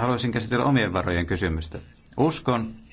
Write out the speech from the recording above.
haluaisin käsitellä omien varojen kysymystä. Uskon,